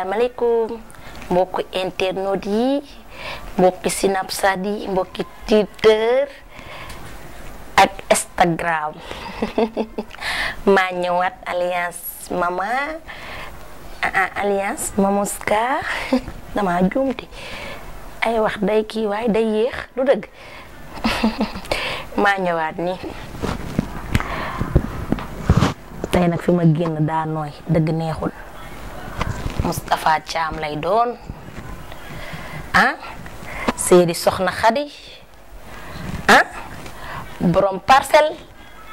asalaamaaleykum mbokki internautes yi mbokki Snapchat yi mbokki Twitter ak Instagram maa ñëwaat alliance mama ah, ah, alliance Mamouska dama juumte ay wax day kii waay day yéex lu dëgg maa ñëwaat nii tey nag fi ma génn daa nooy dëgg neexul Moustapha Thiam lay doon ah Seydi Soxna Xadi ah borom parcelle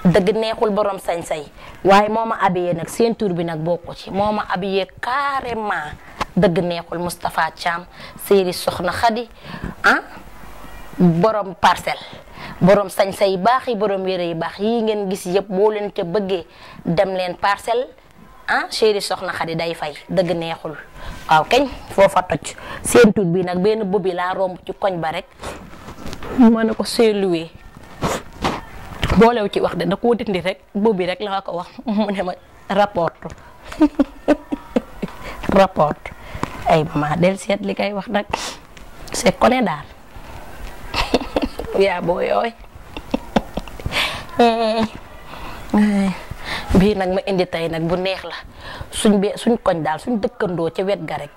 dëgg neexul borom sañ-sañ waaye moom ma abiyee nag seen tur bi nag bokku ci moo ma abiyee carrément dëgg neexul Moustapha Thiam Seydi Soxna Xadi ah borom parcelle borom sañ-sañ yu baax yi borom yére yu baax yi ngeen gis yëpp boo leen bëggee dem leen ah chéri soxna xadi day fay dëgg neexul waaw keñ foofa toj seen tut bi nag benn bobi laa romb ci koñ ba rek ma ne ko seeluwee boolew ci wax de da koo dindi rek bobi rek la ko wax mu ne ma rapport rapport ay ma del seet li kay wax nag c'est koné daal yaa boo yooy bii nag ma indi tey nag bu neex la suñ be suñ koñ daal suñ dëkkandoo ca wet ga rek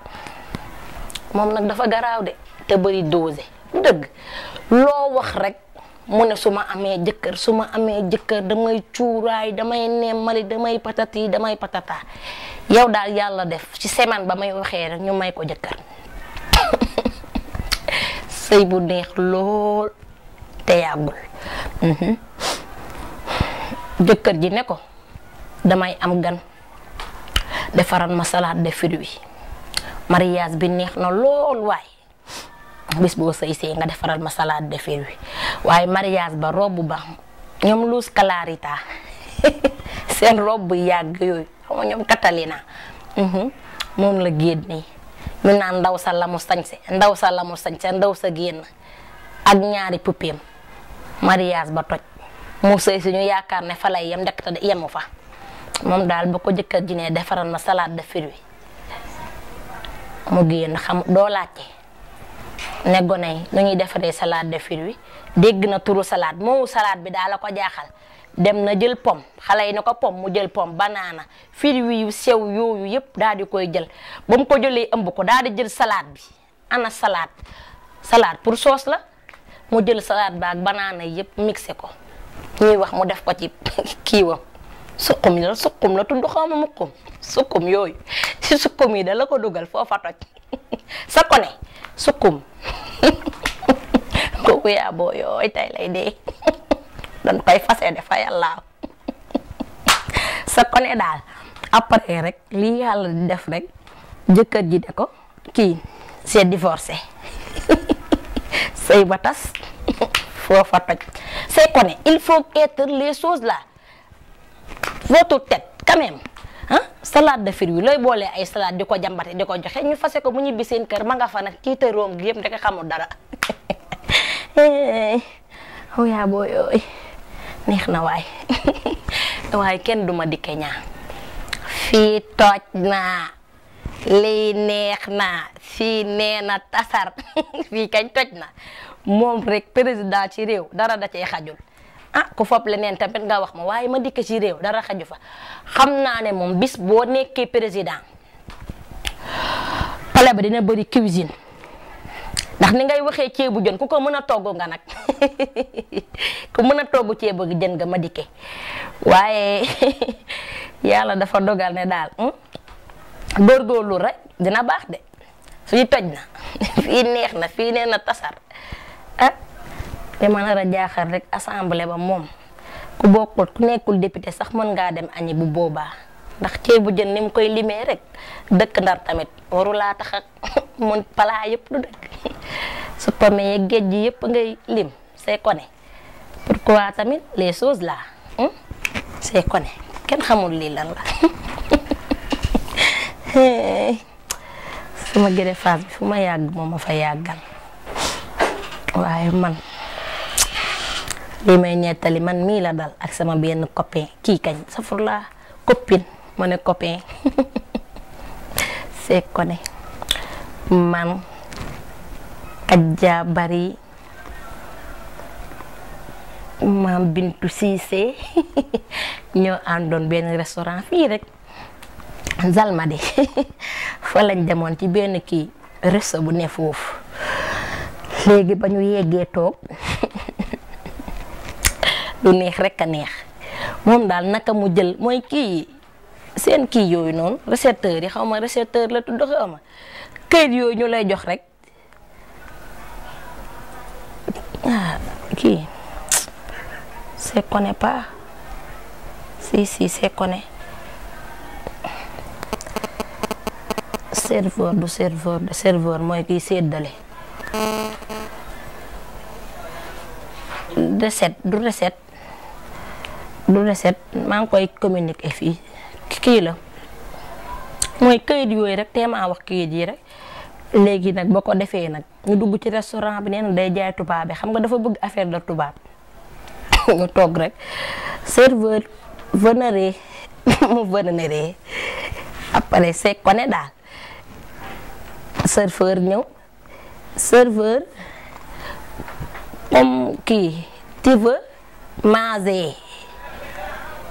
moom nag dafa garaaw de te bari dosé dëgg loo wax rekk mu ne su ma amee jëkkër su ma amee jëkkër damay cuuraay damay nemmali damay patati damay patata yow daal yàlla def ci semaine ba may waxee rek ñu may ko jëkkër sëy bu neex lool te yàggul mhm. jëkkër ji ne ko damay am gan defaran ma salade de fruits mariage bi neex na lol way bis bo sey sey nga defaral ma salade de fruits way mariage ba robu ba ñom luus kalarita sen robu yag yoy xam nga ñoom katalina mom mhm. la génne ñu nan ndaw sa lamu sañse ndaw sa lamu sañse ndaw sa genn ak ñaari poupem mariage ba toj mo sey sey ñu yaakaar ne fa lay yem ndekk fa moom daal ba ko jëkkër ji ne defaral ma salade de wi mu génn xam doo laajte ne gone yi nu ñuy defaree salade de fruits dégg na turu salaat moomu salaat bi daa la ko jaaxal dem na jël pom xale yi ne ko pom mu jël pom banaana fruits yu sew yooyu yëpp daal di koy jël ba mu ko jëlee ëmb ko daal di jël salaat bi ana salaat salaat pour soos la mu jël salade ba banaana yëpp mixé ko ñuy wax mu def ko ci kiiwam. sukkum la sukkum la tundu xama mukkum sukkum yoy si sukkum yi da la ko dugal fa toj sa ko ne sukkum ko ya bo yoy tay lay de dan koy def defa yàllaaw sa ko ne daal après rek li yalla def rek jëkkër ji de ko ki c'est divorcé sëy batas fo fa toj c'est ko ne il faut être les choses là votre tête quand même ah salade de fruits looy boolee ay salade di ko jàmbate di ko joxe ñu fase ko bu ñibbi seen kër ma nga fa nag kii te room gi yëpp ndeke xamul dara aw yaa boo yooy neex na waay waaye kenn duma dikke ñaa fii tooj naa lii neex naa fii nee na tasar fii kañ toj na moom rek président ci réew dara da cee xajul ah ko fop lenen tamit nga wax ma waye ma dik ci rew dara xaju fa xamna ne mom bis bo nekké président palais ba dina bari cuisine ndax ni ngay waxé ceebu jën ku ko mën a nga nak ku mën togo togg ceebu jeun nga ma diké waye yalla dafa dogal ne gor hmm, góorgóorlu rek dina bax de fi toj fi neex na fi neena tasar ah te man ara a jaaxal rek assemblée ba mom ku bokkul ku nekkul député sax man nga dem agni bu boba ndax ceebu bu jeun nim koy limé rek dekk ndar tamit waru la tax ak mon yépp du dekk su pamé ngay lim c'est connu pourquoi tamit les choses là c'est connu ken xamul li lan la sama gëré phase bi fuma yag moma fa yagal waye man li may ñettali man mi la dal ak sama benn copain ki kañ safurlaa copine ma copain c'est conné man adja bari mam bintu cissé ñoo andon ben restaurant fi rek zalmadi fa lañ demoon ci ben ki resto bu ne fofu légui bañu tok lu neex rek a neex moom daal naka mu jël mooy kii seen kii yooyu noonu récepteur yi xaw ma récepteur la tudd xaw ma këyit yooyu ñu lay jox rek ah kii c'est connaît pas si si c'est connaît serveur du serveur de serveur mooy kiy séddale recette du recette lu ne set maa ngi koy communiqué fii kii la mooy këyit yooyu rek te maa wax këyit yi rek léegi nag boo ko defee nag ñu dugg ci restaurant bi nee na day jaay tubaabe xam nga dafa bëgg affaire de tubaab nga toog rek serveur vénéré mu vénéré après c'est koné daal serveur ñëw serveur comme kii tu veux manger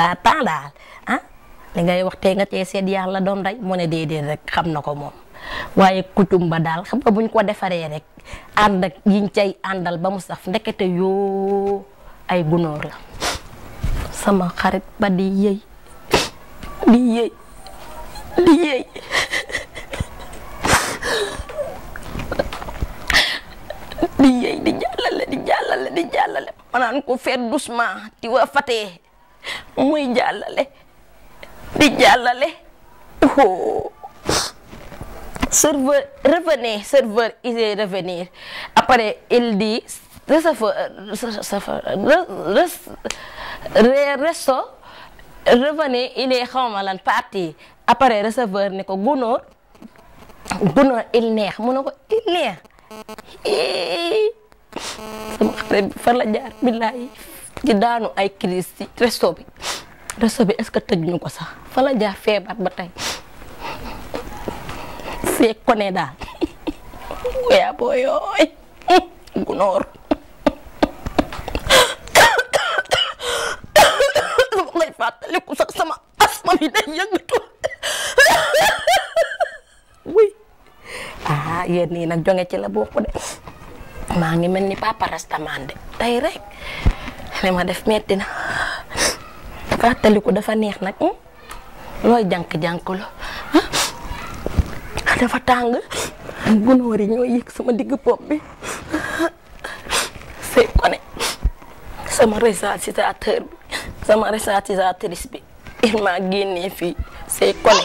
da temps daal ah li ngay wax tey nga tey set yalla dom rek mu ne déedéet rek xam na ko kutum ba daal xam nga buñ ko defaree rek and ak yiñ cey andal ba musaf ndekete yo ay gunor la sama xarit ba di yey di yey di yey di yey di jallale di jallale di jallale ma ko faire doucement ti wa fatee muy jàllale di jàllale oh serveur revenez serveur isé revenir après il dit receveur receveur resto il est xawma lan parti après receveur ne ko gunóor gunóor il neex mu ne ko il neex sama xarit bi jaar billahi di daanu ay crise ci resto bi resto bi est ce que tëj ko sax fa la jaar febar ba tay c'est koné da ya boyoy gunor lay fàttaliku sax sama asma bi day yëngatu wi ah yéen iya ni nag jonge ci la bokku de ma ngi melni papa rastamande tay rek li ma def metti na fàttaliku dafa neex nag hmm? looy jànk-jànk la hmm? ah, dafa tàng gunóor yi ñoo yëg sama digg bopp bi c'est koné sama réalisateur bi sama réalisatrice bi il m'a génnee fii c'est koné